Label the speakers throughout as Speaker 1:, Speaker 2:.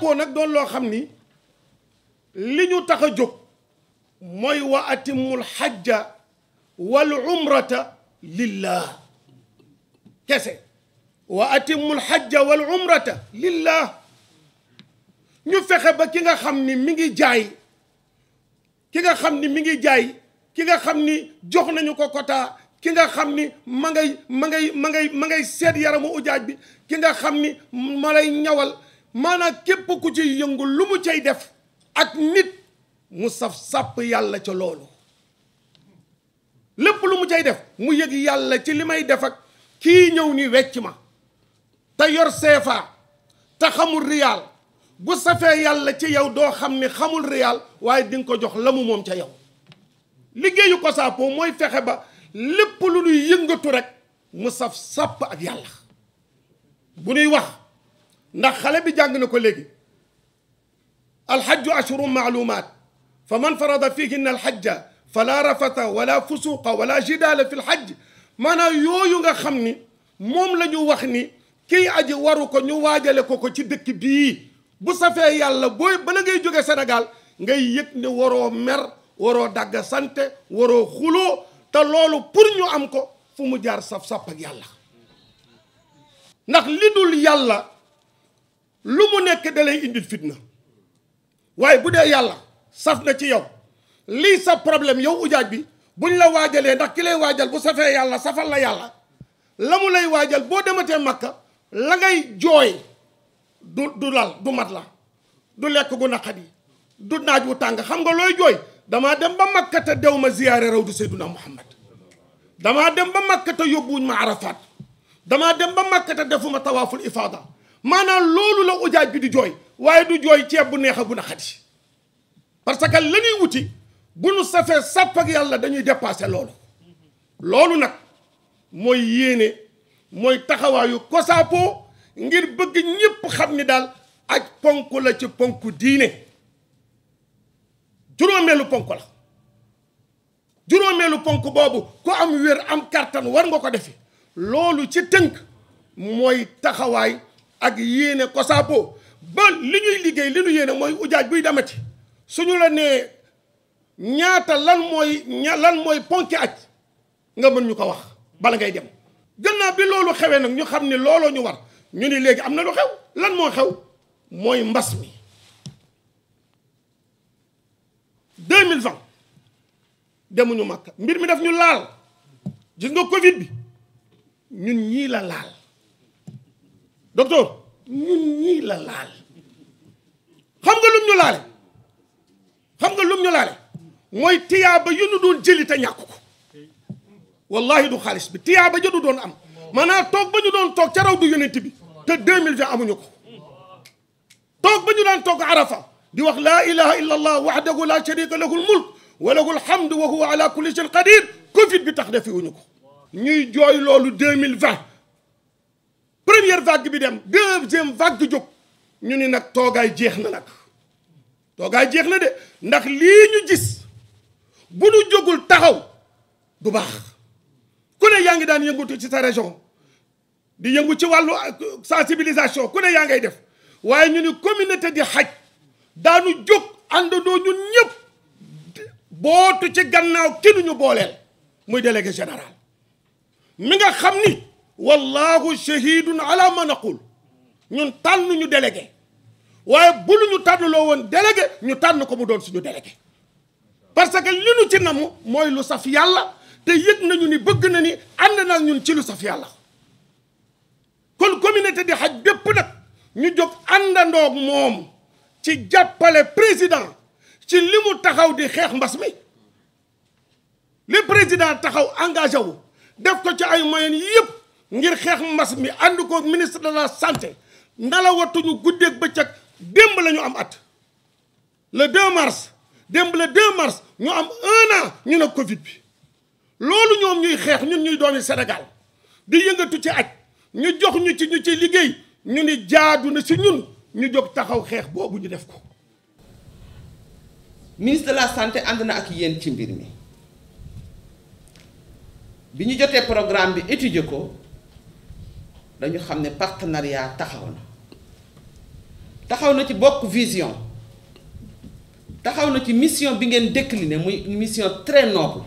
Speaker 1: làkkoo nag doon loo xam ni li jóg mooy wa atimul xajja wal umrata lillah kese wa atimul xajja wal umrata lillah ñu fexe ba ki nga xam ni mi ngi jaay ki nga xam ni mi ngi jaay ki nga xam ni jox nañu ko quota ki nga xam ma ngay ma ngay ma ngay ma ngay seet yaramu ujaaj bi ki nga xam ni ñawal maanaam képp ku ci yëngu lu mu cay def ak nit mu saf sàpp yàlla ca loolu lépp lu mu cay def mu yëg yàlla ci li may def ak kii ñëw ni wecc ma te yor seefaa te xamul riyaal bu safee yàlla ci yow doo xam ni xamul riyaal waaye di nga ko jox la mu moom ca yow liggéeyu ko COSAPO mooy fexe ba lépp lu ñuy yëngatu rek mu saf sàpp ak yàlla bu nuy wax ndax xale bi jàng na ko léegi alxajju ashurun maalumaat fa man farada fihinna alxajja fala rafata wala fusuqa wala jidaala fi lxajj maanaam yooyu nga xam ni moom la ñu wax ni kii aji waru ko ñu waajale ko ko ci dëkk bii bu safee yàlla booy bala ngay jóge Sénégal ngay yëg ne waroo mer waroo dagg sante waroo xuloo te loolu pour ñu am ko fu mu jaar saf-sàpp ak yàlla ndax li dul yàlla lu mu nekk da lay indil fitna waaye bu dee yàlla saf na ci yow lii sa problème yow ujaaj bi buñ la waajalee ndax ki lay waajal bu safee yàlla safal la yàlla la mu lay waajal boo dematee makka la ngay jooy du du lal du mat la du lekk gu yi du naaj wu tàng xam nga looy jooy damaa dem ba makka te dew ma ziyaare rawdu seyduna muhammad damaa dem ba makka te yóbbuwuñ ma arafaat damaa dem ba makka te defuma tawaaful ifaada maanaam loolu la ujaaj bi di jooy waaye du jooy ceeb bu neex a gun a xati parce que la wuti bu nu safee sàpp yàlla dañuy dépassé loolu loolu nag mooy yéene mooy taxawaayu kosaapo ngir bëgg ñëpp xam ni daal ak ponk la ci ponk diine juróomeelu ponk la juróomeelu ponk boobu ku am wér am kartan war nga ko defi loolu ci tënk mooy taxawaay ak yéene COSAPO ba li ñuy liggéey li ñu yéene mooy ujaaj buy demati suñu la nee ñaata lan mooy ña lan mooy ponki aj nga mën ñu ko wax bala ngay dem gannaaw bi loolu xewee nag ñu xam ne looloo ñu war ñu ni léegi am na lu xew lan moo xew mooy mbas mi 2020 demuñu màkk mbir mi daf ñu laal gis nga covid bi ñun ñii la laal docteur ñun ñii la laal xam nga lum ñu laale xam nga lum ñu laale mooy tiyaaba yu nu doon jëli te ñàkk ko wallahi du xaalis bi tiyaaba ja du doon am maanaam toog ba ñu doon toog ca raw du yonent bi te 2020 amuñu ko toog ba ñu daan toog arafa di wax laa ilaha illa allah wahdahu la sharika lahu l mulk wa lahu lhamdu wa huwa ala kulli shay'in qadir covid bi tax defiwuñu ko ñuy jooy loolu 2020 première vague bi dem deuxième vague jóg ñu ni nag toogaay jeex na nag toogaay jeex na de ndax lii ñu gis bu ñu jógul taxaw du baax ku ne yaa ngi daan yëngatu ci sa région di yëngu ci wàllu euh, sensibilisation ku ne yaa ngay def waaye ñu ni communauté di xaj daanu jóg àndandoo ñun ñëpp bootu ci gannaaw ki ñu booleel muy délégué général mi nga xam ni wallahu shahidun ala ma naqul ñun tànn ñu délégué waaye bu lu ñu tànn loo woon délégué ñu tànn ko mu doon suñu délégué parce que li ñu ci namu mooy lu saf yàlla te yëg nañu ni bëgg na ni ànd naa ñun ci lu saf yàlla kon communauté di xaj bépp nag ñu jóg àndandoog moom ci jàppale président ci li mu taxaw di xeex mbas mi li président taxaw engagé wu def ko ci ay moyen yëpp ngir xeex mbas mi ànd ko ministre de la santé ndalawatuñu guddeeg bëccëg démb la ñu am at le 2 mars démb le 2 mars ñu am un ñu ne Covid bi loolu ñoom ñuy xeex ñun ñuy doomi Sénégal di yëngatu ci aj ñu jox ñu ci ñu ci liggéey ñu ni jaadu na si ñun ñu
Speaker 2: jóg taxaw xeex boobu ñu def ko. ministre la santé ànd na ak yéen ci mbir mi bi ñu jotee programme bi étudier ko. dañu xam ne partenariat taxaw na taxaw na ci bokk vision taxaw na ci mission bi ngeen décliné muy mission très noble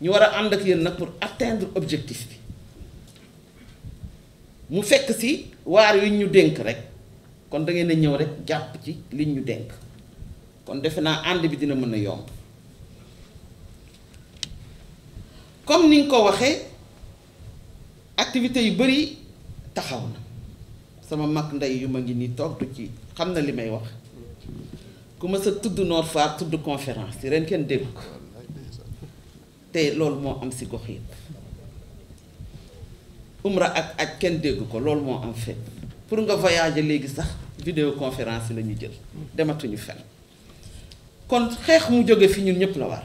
Speaker 2: ñu war a ànd ak yéen nag pour atteindre objectif bi mu fekk si waar yu ñu dénk rek kon da ngeen a ñëw rek jàpp ci liñ ñu dénk kon defe naa ànd bi dina mën a yomb comme niñ ko waxee. activités yu bëri taxaw na sama mag ndey yu ma ngi nii toog ci xam na li may wax ku ma sa tudd Nord Foire tudd conférence yi ren kenn dégg ko te loolu moo am si gox yëpp umra ak ak kenn dégg ko loolu moo am fépp pour nga voyage léegi sax vidéo conférence yi la ñu jël dematuñu fen kon xeex mu jóge fi ñun ñëpp la war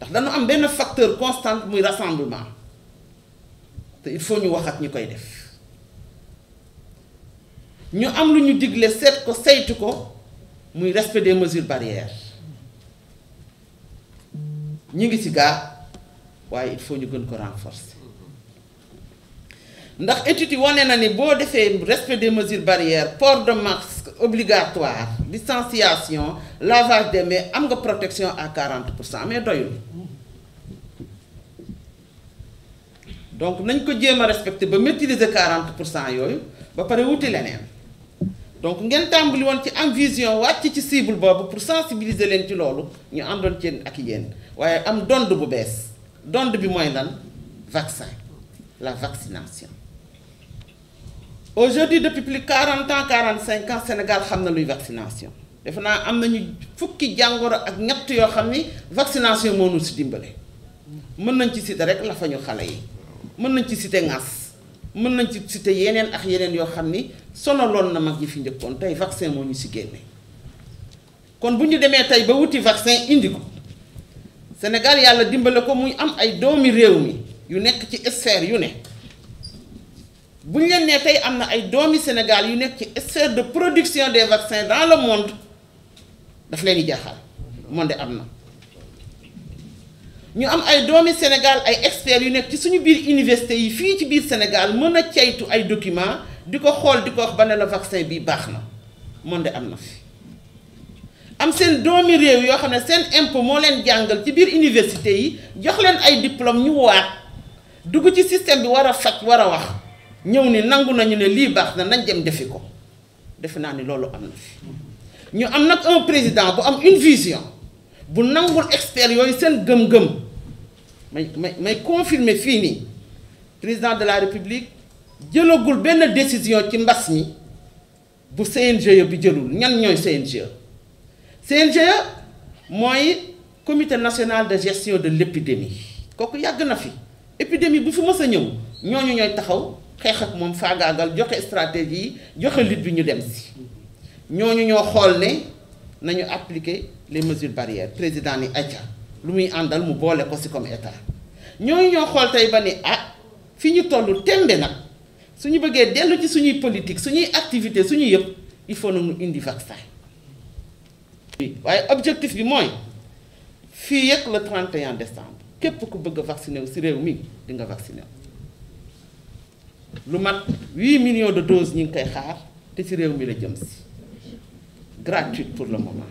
Speaker 2: ndax dañu am benn facteur constant muy rassemblement te il faut ñu wax ak ñi koy def ñu am lu ñu digle seet ko saytu ko muy respect des mesures barrières ñu ngi ci gaa waaye it faut ñu gën ko renforce ndax étude yi wane na ni boo defee respect des mesures barrières port de masque obligatoire distanciation lavage des mains am nga protection à 40 mais doyou. donc si ko respecte a respecté ba maîtriser 40 pour ne ba pare wouti lenen. donc ngeen tàmbali won ci am vision wàcc ci cible bobu pour sensibiliser len ci lolu, ñu àndoon ci ak yéen Waye am dond bu bees dond bi moy lan vaccin la vaccination aujourd'hui depuis plus 40 ans 45 ans Sénégal xam na luy vaccination defe naa am nañu fukki jàngoro ak ñett yoo xam vaccination moo ñu si dimbale mën nañ ci citer rek la fa ñu xale yi mën nañ ci citer ŋas mën nañ ci citer yeneen ak yeneen yoo xam ni na mag yi fi njëkkoon tey vaccin moo ñu si génne kon bu ñu demee ba wuti vaccin indi ko Sénégal yàlla dimbale ko muy am ay doomi réew mi yu nekk ci sphère yu ne bu ñu leen nee tey am na ay doomi Sénégal yu nekk ci essor de production des vaccins dans le monde daf leen di jaaxal monde am na ñu am ay doomi Sénégal ay experts yu nekk ci suñu biir université yi fii ci biir Sénégal mën a ceytu ay documents di ko xool di ko wax ba ne vaccin bi baax na monde am na fi am sen domi réew yo xamné sen seen impôt moo leen jàngal ci biir université yi jox leen ay diplôme ñu waat dugg ci système bi wara a wara wax ñew ni nangu nañu ne li bax na nañ dem defi ko defe naa ni loolu am fi ñu am nak un président bu am une vision bu nangul expert yoy sen gëm-gëm may may may confirmer fii nii président de la république jëlagul ben décision ci mbass ni bu CNG bi jëlul ñan ñoy CNG CNG moy comité national de gestion de l'épidémie kooku yag na fi épidémie bu fi mësa a ñëw ñoy taxaw xeex ak moom faagaagal joxe stratégie joxe lutte bi ñu dem si ñooñu ñoo xool ne nañu appliquer les mesures barrières président ni acca lu muy àndal mu boole ko si comme état ñooñu ñoo xool tey ba ni ah fi ñu toll tembe nag suñu bëggee dellu ci suñuy politique suñuy activité suñu yëpp il faut na mu indi vaccin waaye objectif bi mooy fii yëg le 31 décembre képp ku bëgg a vacciné si réew mi di nga vacciné lu millions de doses ñing ngi koy xaar té ci réew mi la jëm gratuite pour le moment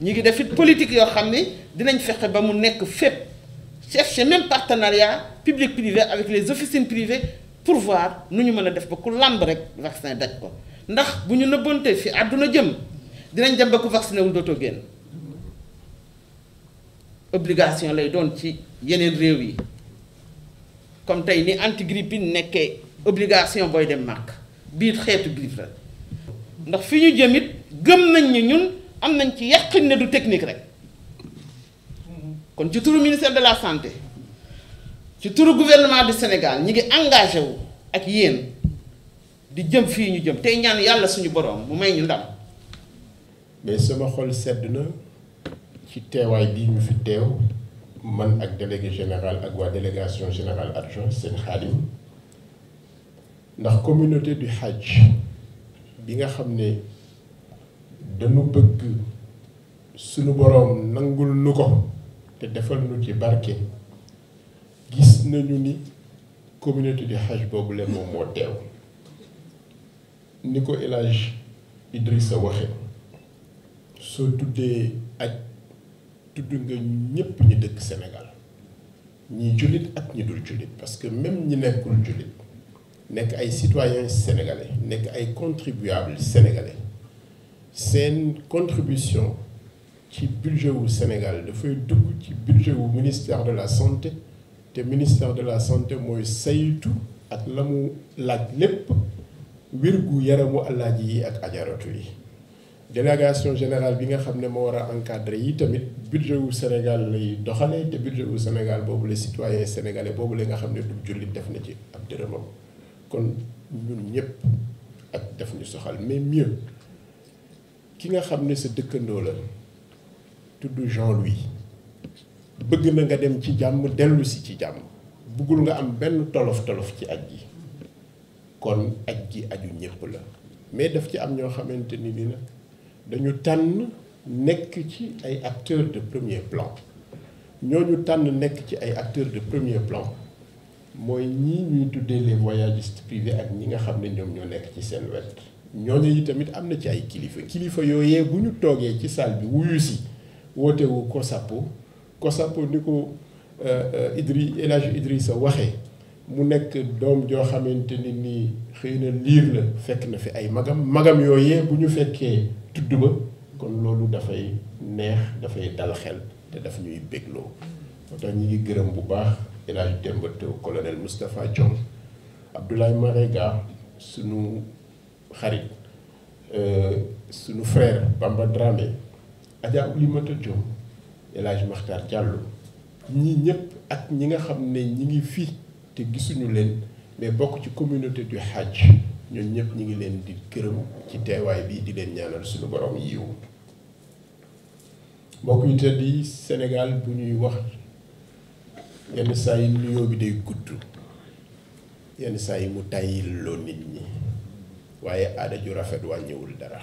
Speaker 2: ñi ngi def politiques politique yo xamni dinañ fexé ba mu nekk fep chercher même partenariat public privé avec les officines privées pour voir nu ñu mën def ba ku lamb rek vaccin daj ko ndax bu ñu nëbbante fi aduna jëm dinañ jëm ba ku vacciné wul doto génn obligation lay doon ci yeneen réew yi comme tey ni antigrippe bi nekkee obligation booy dem màkk ndax fiñu jëmit gëm nañ ni ñun am nañ ci du technique rek kon ci ministère de la santé ci le gouvernement du Sénégal ñi ngi engagé wu ak yeen di jëm fii ñu jëm tey ñaan yàlla suñu
Speaker 3: mais sama xol ci fi général ak délégation générale adjoint ndax communauté du hajj bi nga xam ne dañu bëgg suñu borom nangul nu ko te defal nu ci barke gis nañu ni communauté du hajj boobu leen moom moo teew ni ko El Idrissa waxe soo tuddee aj tudd nga ñi dëkk Sénégal ñi julit ak ñi dul julit parce que même ñi nekkul julit nek ay citoyens sénégalais nek ay contribuables sénégalais une contribution ci budget au Sénégal dafay dugg ci budget au ministère de la santé te ministère de la santé moy saytu ak la mu laaj lépp wérgu yaramu alaaji yi ak adjaratu yi délégation générale bi nga xam mo wara encadrer yi tamit budget au Sénégal lay doxale te budget au Sénégal bobu les citoyens sénégalais bobu la nga xam du def na ci ab kon ñun ñëpp ak def ñu soxal mais mieux ki nga xam ne sa dëkkandoo la tudd Jean-Louis bëgg na nga dem ci jàmm dellu si ci jàmm bëggul nga am benn tolof tolof ci aj gi kon aj gi aju ñëpp la mais daf ci am ñoo xamante ni bi nag dañu tànn nekk ci ay acteurs de premier plan ñooñu tànn nekk ci ay acteurs de premier plan mooy ñii ñuy tuddee les voyagistes privés ak ñi nga xam ne ñoom ñoo nekk ci seen wet ñooñu yi tamit ci ay kilifa salle bi wuyu si wu COSAPO COSAPO ni ko euh, euh, Idri elage Idrissa waxee mu nekk doom joo ni xëy na fekk na fi ay magam magam yooyee bu ñu ba kon loolu dafay neex dafay dal xel te daf ñuy bégloo a Hadj colonel mustapha john Abdoulaye Marega sunu euh, sunu frère Bamba Dramé Adja Oulimata Diong et Makhtar Diallo ñi ñep ak ñi nga xamné ñi mais beaucoup ci communauté du Hajj ñun ñi ngi di ci bi di ñaanal borom Sénégal bu yenn saa yi nuyoo bi day gudd yenn saa yi mu tàyyil loo nit ñi waaye aada ju rafet wàññiwul dara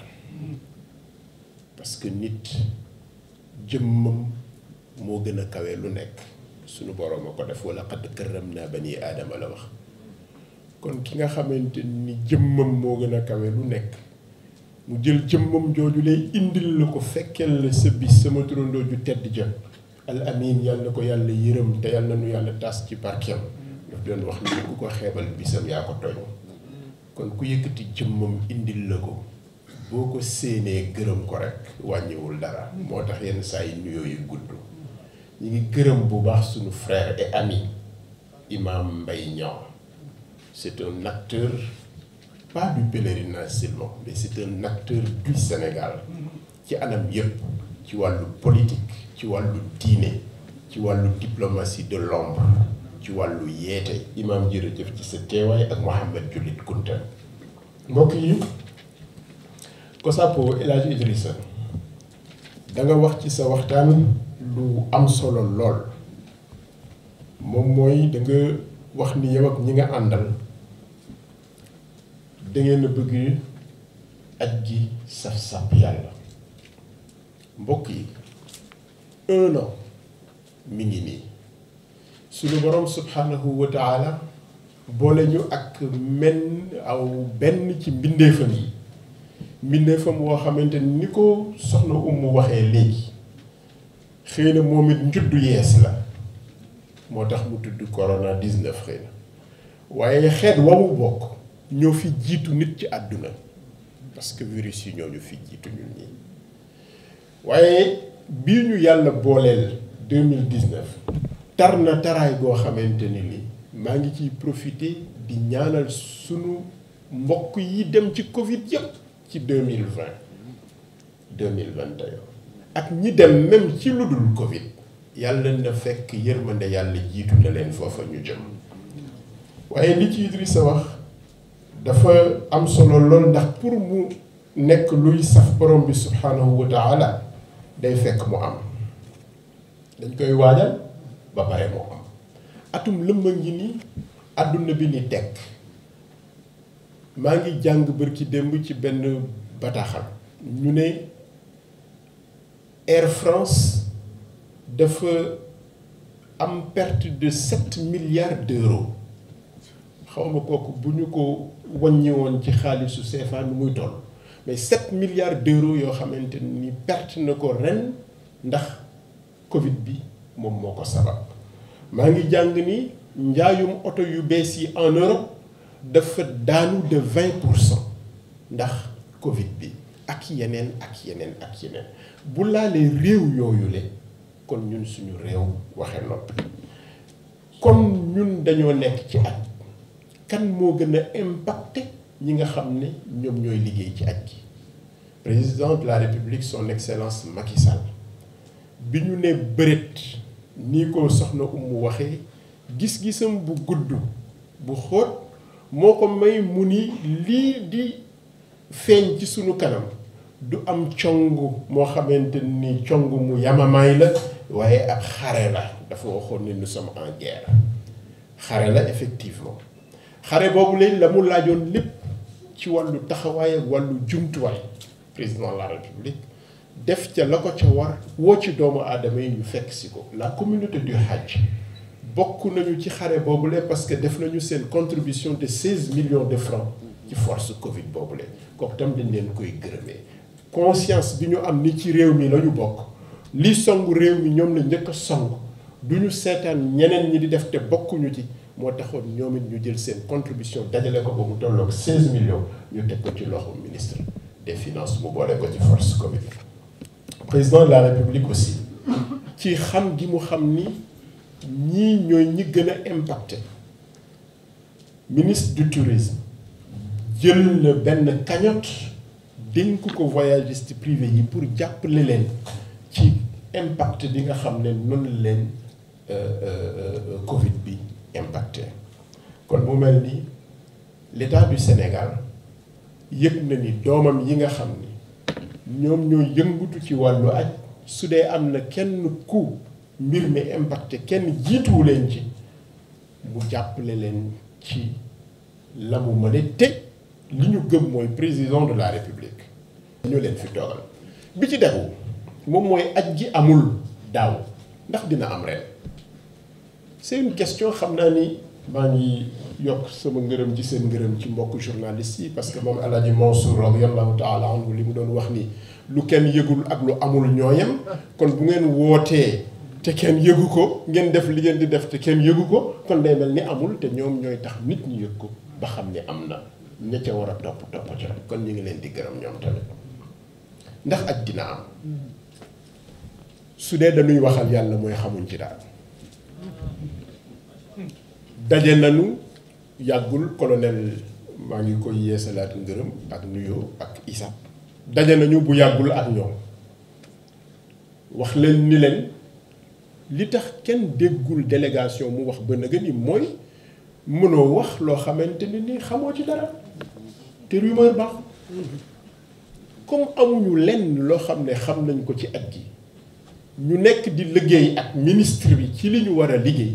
Speaker 3: parce que nit jëmmam moo gën a kawe lu nekk sunu boroom a ko def wala xadd këram naa ba nii aadama la wax kon ki nga xamante ni jëmmam moo gën a kawe lu nekk mu jël jëmmam jooju lay indil la ko fekkeel la sa bis sama turandoo ju tedd jëm al amin yal na ko yàlla yërëm te yal na nu yàlla tas ci barkeem daf doon wax ni ku ko xébal bisam ya ko toy kon ku yëkëti jëmmam indil la ko boko séné séenee ko rek wañewul dara Mo tax yenn saa yi yu gudd ñi ngi gërëm bu baax suñu frère et ami imam Mbaye ñaw c'est un acteur pas du pèlerinage seulement mais c'est un acteur du Sénégal ci anam yépp ci wàllu politique ci wàllu diine ci wàllu diplomatie de l'ombre ci wàllu yeete imaam jërëjëf ci sa teewaay ak Mouhamed Jullit Kunta mbokk yi COSAPO El Hadj Idrissa da wax ci sa waxtaan lu am solo lool moom mooy da nga wax ni yow ñi nga àndal dangeen ngeen a bëgg aj gi saf-saf yàlla mbokk yi un mi ngi nii suñu borom subhanahu wa taala boole ñu ak men aw benn ci mbindeefam yi mbindeefam woo xamante ni ko soxna Umu waxee léegi xëy na moom it njuddu yees la moo tax mu tudd korona 19 xëy na waaye xeet wa mu bokk ñoo fi jiitu nit ci àdduna parce que virus yi ñoo ñu fi jiitu ñun ñii. waaye bii ñu yàlla booleel 2019 tar na taraay goo xamante ni li maa ngi ciy profité di ñaanal sunu mbokk yi dem ci Covid yëpp ci 2020 2021 ak ñi dem même ci lu dul Covid yàlla na fekk yërmande yàlla jiitu na leen foofa ñu jëm waaye li ci Idrissa wax dafa am solo lool ndax pour mu nekk luy saf borom bi subhanahu wa day fekk mu am dañ koy waajal ba pare mu am atum lëmba ngi ni àdduna bi ni tekk maa ngi jàng barki démb ci benn bataxal ñu ne Air France dafa am perte de 7 milliards d'euros xaw ma kooku bu ñu ko wàññi woon ci xaalisu CFA nu muy toll mais 7 milliards d'euros yo xamante ni perte na ko ren ndax Covid bi mom moko ko sabab maa ngi jàng ni njaayum oto yu bees yi en Europe dafa daanu de 20 ndax Covid bi ak yenen ak yenen ak yeneen bu les rew yooyu le kon ñun suñu rew waxe noppi comme ñun dañoo nekk ci at kan mo gën a ñi nga xam ne ñoom ñooy liggéey ci aj gi président de la république son excellence Macky Sall bi ñu ne bëreet nii ko soxna Umu waxee gis-gisam bu gudd bu xóot moo ko may mu ni lii di feeñ ci sunu kanam du am cong moo xamante ni cong mu yamamaay la waaye ab xare la dafa waxoon ni nous sommes en guerre xare la effectivement xare boobu lañ la mu laajoon lépp ci walu taxawaay ak wàllu jumtuwaay président de la république def ca la ko ca war woo ci doomu aadama yi ñu fekk si ko la communauté du hajj bokk nañu ci xare boobule parce que def nañu seen contribution de 16 millions de francs ci force covid boobule kooku tam dañ leen koy gërëmee conscience bi ñu am ni ci réew mi la ñu bokk li songu réew mi ñoom la njëkk a song du ñu seetaan ñeneen ñi di def te bokkuñu ci moo taxoon ñoom it ñu jël seen contribution dajale ko ba mu tolloog 16 millions ñu teg ko ci loxo ministre des finances mu boole ko ci force commune. président de la république aussi ci xam gi mu xam ni ñii ñooy ñi gën a impacté ministre du tourisme jël le benn cagnot dénk ko voyagiste privé yi pour jàppale leen ci impact bi nga xam ne noonu leen euh, euh, euh, Covid bi impacté kon mu mel ni l'état du Sénégal yëg na ni doomam yi nga xam ni ñoom ñoo yëngutu ci wàllu aj su dee am na kenn ku mbir mi impacté kenn qui leen ci mu leen ci président de la république ñu leen bi ci amul daaw ndax seen question xam naa ni maa ngi yokk sama ngërëm ci seen ngërëm ci mbokk journaliste yi parce que moom El Hadj Mansour radiyallahu taala anhu li mu doon wax ni lu kenn yëgul ak lu amul ñooyam kon bu ngeen wootee te kenn yëgu ko ngeen def li ngeen di def te kenn yëgu ko kon day mel ni amul te ñoom ñooy tax nit ñi yëg ko ba xam ni am na ña ca a topp topp ca kon ñu ngi leen di gërëm ñoom tamit ndax aj dina am mm. su dee dañuy waxal yàlla mooy xamuñ ci daal. daje nañu yàggul colonel maa ngi koy yeesalaat ngërëm ak nuyoo ak ISAP daje nañu bu yàggul ak ñoom wax leen ni leen li tax kenn déggul délégation mu wax ba nga ni mooy mënoo wax loo xamante ni ni xamoo ci dara te rumeur baax comme amuñu lenn loo xam ne xam nañ ko ci at gi ñu nekk di liggéey ak ministre bi ci li ñu war a liggéey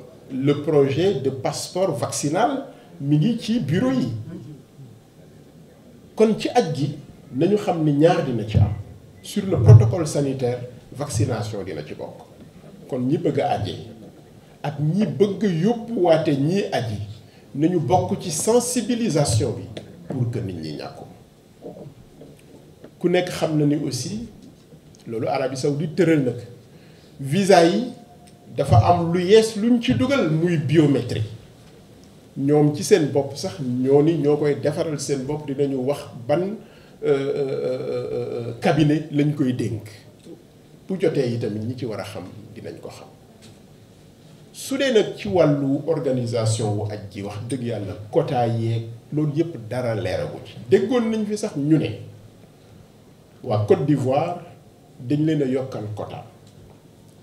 Speaker 3: le projet de passeport vaccinal mi ci bureau yi kon ci at gi nañu xam ni ñaar dina ci am sur le protocole sanitaire vaccination dina ci bokk kon ñi bëgg a ak ñi bëgg yóbbuwaate ñi aji nañu bokk ci sensibilisation bi pour que nit ñi ñako ku nekk xam na ni aussi loolu Arabie Saoudite tëral nag visa yi dafa am lu yees ñu ci dugal muy biométrie ñoom ci seen bopp sax ñoo ni ñoo koy defaral seen bopp dinañu wax ban euh, euh, euh, cabinet lañ koy dénk bu jotee itamit ñi ci war a xam dinañ ko xam su dee nag ci wàllu organisation wu aj ji wax dëgg yàlla quota yeeg loolu yëpp dara leeragu ci déggoon nañ fi sax ñu ne waa Côte d'Ivoire dañ leen a yokkal quota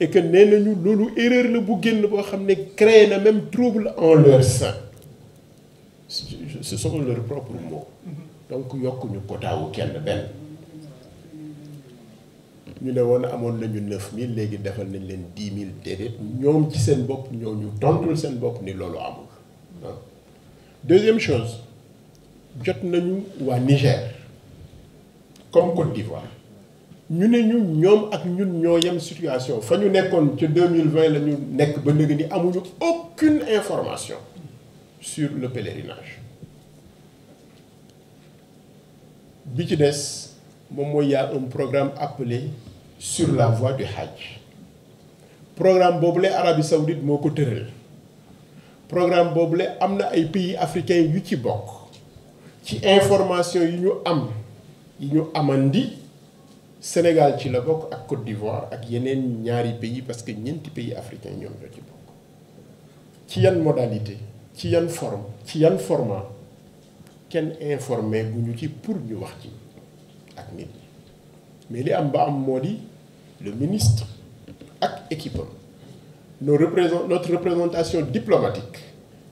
Speaker 3: et que nous nous erreur même trouble en leur sein ce sont leurs propres mots donc yokkuñu quota wu kenn Nous ñu Nous avons Nous nañu neuf nous Nous defal nañ leen dix mille ci nous nous hein? deuxième chose jot nañu Niger comme Côte d'Ivoire nous ne ñu une ak ñun situation fa ñu nekkoon en 2020 la ñu nekk ba aucune information sur le pèlerinage bi ci y a un programme appelé sur la voie du Hajj programme Boblé Arabie Saoudite moo ko programme Boblé Amna et ay pays africains yu ci y ci information yi ñu am yi amandi Sénégal ci la ak Côte d'Ivoire ak yenen ñaari pays parce que ñeenti pays africains ñom ñoo ci bokk ci yan modalité ci yan forme ci yan format ken informé guñu nous ci pour ñu wax ci ak nit mais li am ba am le ministre ak équipe nos représent notre représentation diplomatique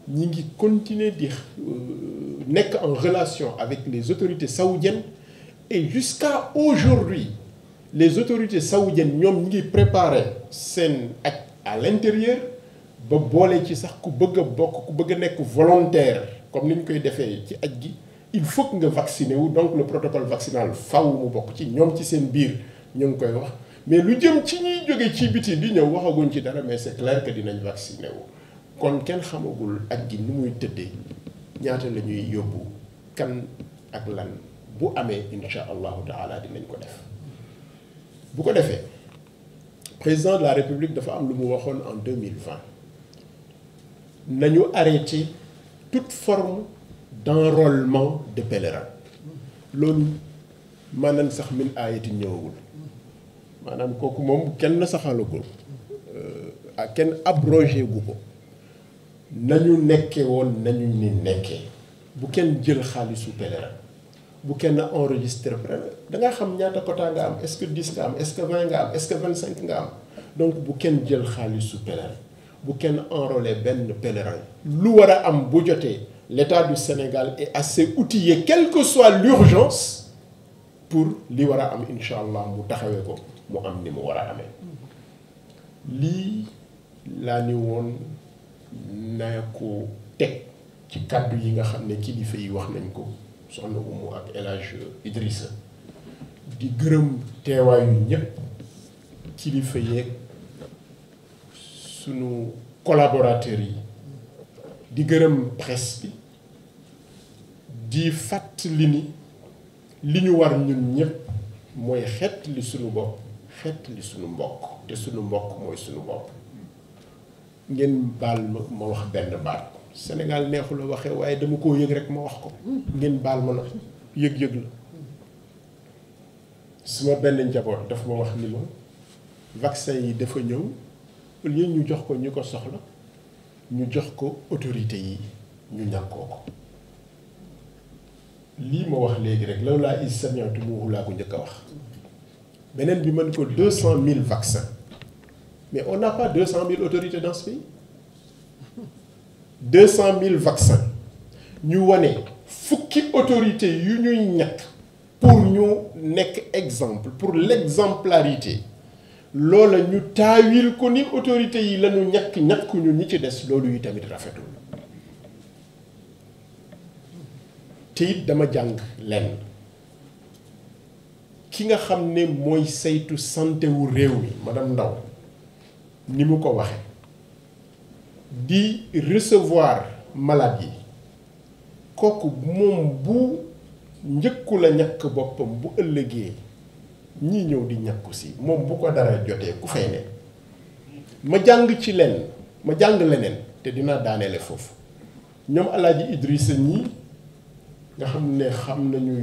Speaker 3: ñi ngi continuer di euh, nekk en relation avec les autorités saoudiennes et jusqu'à aujourd'hui les autorités saoudiennes ñom ñi ngi préparer seen à l'intérieur ba bolé ci sax ku bëgg a ku bëgg nek volontaire comme niñ koy défé ci aj gi il faut que nga vacciné wu donc le protocole vaccinal faaw mu bok ci ñom ci seen biir ñu ngi koy wax mais lu jëm ci ñi joggé ci biti di ñew waxaguñ ci dara mais c'est clair que dinañ vacciné wu kon ken xamagul aj gi ni muy tëddee ñaata lañuy yobbu kan ak lan bu amé incha allahu taala dinañ ko def bu ko defee président de la république de am lu mu en 2020 nañu arrêté toute forme d'enrôlement de pèlerins loolu Manan sax a été ñëwagul Manan kooku moom kenn saxala ko euh, ak kenn abrogé gu ko nañu nekke woon nañu ni nekkee bu kenn jël xaalisu pèlerin bu kenn enregistré ren da nga xam ñaata quota nga am est-ce que 10 nga am est-ce que 20 nga am est-ce que 25 nga am donc bu kenn jël xaalisu pèlerin bu kenn enrôler benn pèlerin lu war a am bu jotee l'État du Sénégal est assez outillé quelle que soit l'urgence pour li war a am incha allah mu taxawee ko mu am ni mu war a amee lii laa ni woon naa ko teg ci kàddu yi nga xam ne kilifa wax nañ ko soxna Umu ak El Idrissa di gërëm teewaayu ñëpp kilifa yeeg sunu collaborateur yi di gërëm presse bi di li ni li ñu war ñun ñëpp mooy xet li sunu bopp xet li sunu mbokk te sunu mbokk mooy sunu bopp ngeen baal ma ma wax benn baat Sénégal neexu la waxee waaye dama koo yëg rek ma wax ko ngeen baal ma na yëg-yëg la suma benn njaboot daf ma wax ni ma vaccin yi dafa ñëw au ñu jox ko ñi ko soxla ñu jox ko autorité yi ñu ñànkoo ko lii ma wax léegi rek loolu laa is samiatu muuhu laa ko njëkk a wax beneen bi mën ko deux cent mille vaccins mais on n'a pas deux cent mille autorités dans ce pays 200 000 vaccins ñu wane fukki autorité yu ñuy pour ñu nek exemple pour l'exemplarité loola ñu tawil ko ni autorité yi lañu nyak ñàkkuñu ñi ci des loolu yi tamit rafetul te dama jang lenn ki nga xam moy seytu santé wu mi madame Ndaw ni mu ko waxee di recevoir maladie la ñàkk bopam bu ëllëgee ñi ñëw di pas mom bu ko dara ku fay ne ma jang ci ma Nous leneen te dinaa de fofu ñom alaaji idriss nga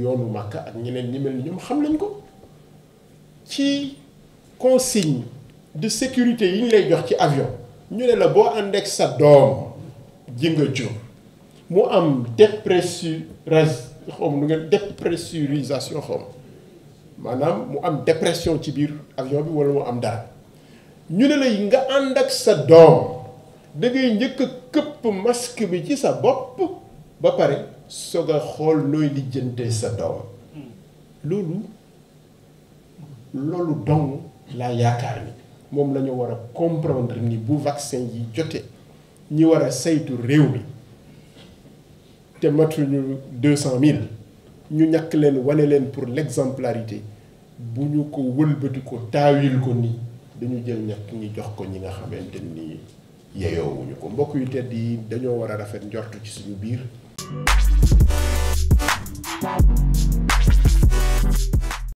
Speaker 3: yoonu ak ñeneen consigne de sécurité yi ñu lay avion nous, ne la boo ànd sa doom ji nga jur dépressurisation Madame, nu dépressurisation dépression ci avion bi wala am la nga sa doom da ngay masque bi ci sa bopp ba pare soog a xool nooy nous sa hmm mom lañu wara war a comprendre ni bu vaccin yi jotee ñi wara a saytu réew mi te matuñu deux cent ñu ñak leen wané leen pour l'exemplarité bu ñu ko wëlbati ko tawil ko ni dañu jël ñak ñi jox ko ñi nga xamante ni yeyoowuñu ko mbokk yu tedd yi dañoo war a rafet njortu ci suñu biir